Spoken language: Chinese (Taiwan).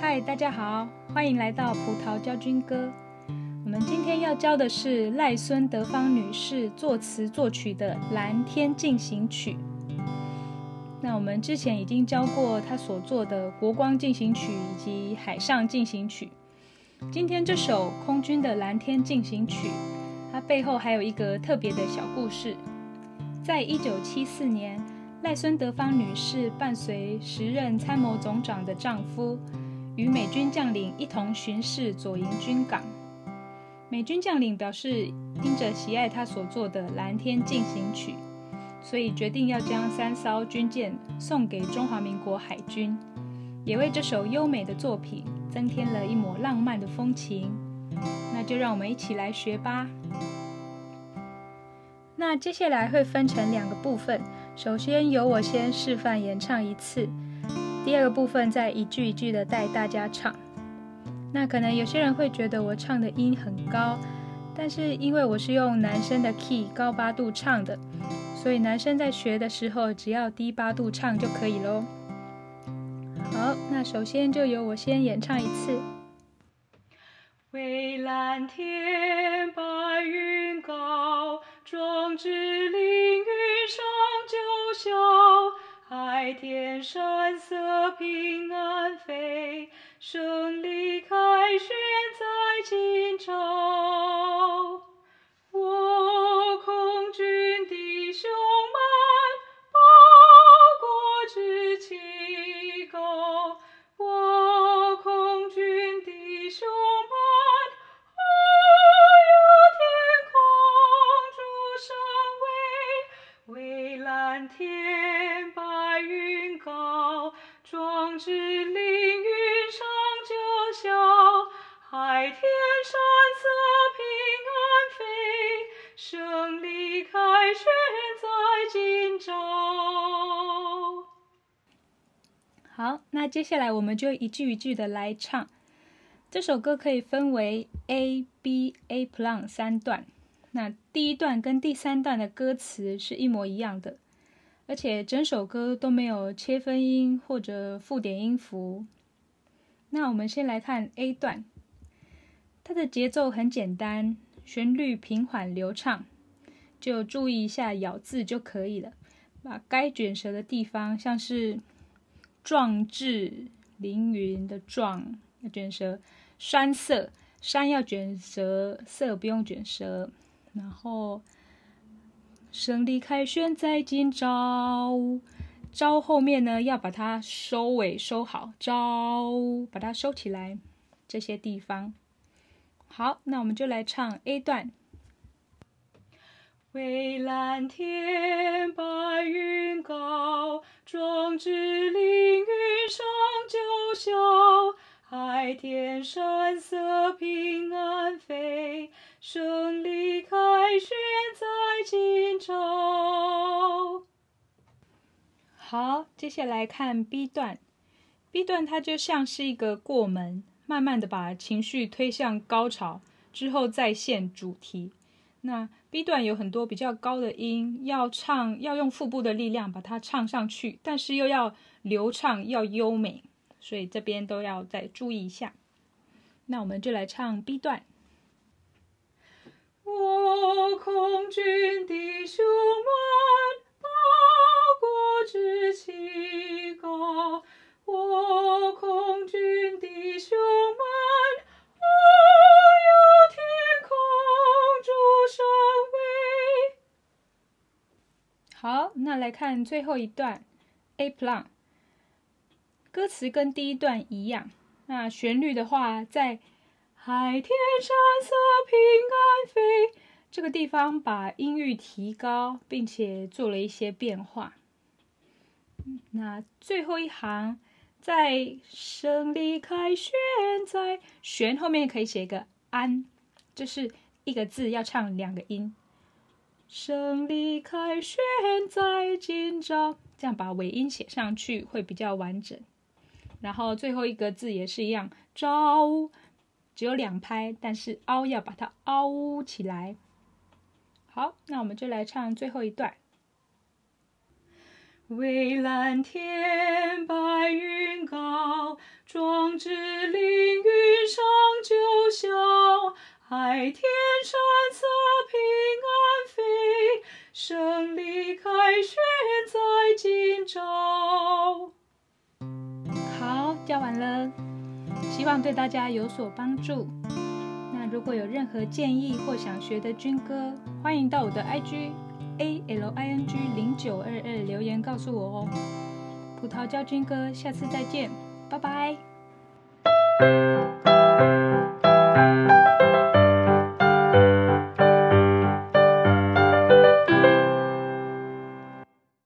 嗨，大家好，歡迎來到葡萄教軍歌。我們今天要教的是賴孫德芳女士作詞作曲的《藍天進行曲》。那我們之前已經教過她所作的《國光進行曲》以及《海上進行曲》。今天這首空軍的《藍天進行曲》。它背後還有一個特別的小故事。在一九七四年，賴孫德芳女士伴隨時任參謀總長的丈夫，與美軍將領一同巡視左營軍港。美軍將領表示，因著喜愛她所做的《藍天進行曲》，所以決定要將三艘軍艦送給中華民國海軍，也為這首優美的作品增添了一抹浪漫的風情。那就讓我們一起來學吧。那接下來會分成兩個部分，首先由我先示範演唱一次，第二個部分再一句一句的帶大家唱。那可能有些人會覺得我唱的音很高，但是因為我是用男生的 key 高八度唱的，所以男生在學的時候只要低八度唱就可以嘍。好，那首先就由我先演唱一次。蔚藍天，白雲高，壯志凌雲上九霄，海天山色平。天白雲高，壯志凌雲上九霄；海天山色平安飛，勝利凱旋在今朝。好，那接下來我們就一句一句的來唱。這首歌可以分為 A B A plan 三段。那第一段跟第三段的歌詞是一模一樣的。而且整首歌都沒有切分音或者附點音符。那我們先來看 A 段，它的節奏很簡單，旋律平緩流暢，就注意一下咬字就可以了。把、啊、該捲舌的地方，像是“壯志凌雲”的“壯”要捲舌，“山色”山要捲舌，“色”不用捲舌。然後。勝利凱旋在今朝，朝後面呢，要把它收尾收好，朝把它收起來，這些地方。好，那我們就來唱 A 段。蔚藍天，白雲高，壯志凌雲上九霄，海天山色平安飛，勝利。好，接下來看 B 段。B 段它就像是一個過門，慢慢的把情緒推向高潮，之後再現主題。那 B 段有很多比較高的音，要唱要用腹部的力量把它唱上去，但是又要流暢要優美，所以這邊都要再注意一下。那我們就來唱 B 段。我。來看最後一段 A Plan，歌詞跟第一段一樣。那旋律的話，在海天山色平安飛這個地方，把音域提高，並且做了一些變化。那最後一行在勝利凱旋，在旋後面可以寫一個安，就是一個字要唱兩個音。勝利凱旋在今朝，這樣把尾音寫上去會比較完整。然後最後一個字也是一樣，朝只有兩拍，但是凹要把它凹起來。好，那我們就來唱最後一段。蔚藍天，白雲高，壯志凌雲上九霄，海天山色平安勝利凱旋在今朝。好，教完了，希望對大家有所幫助。那如果有任何建議或想學的軍歌，歡迎到我的 I G A L I N G 零九二二留言告訴我哦。葡萄教軍歌，下次再見，拜拜。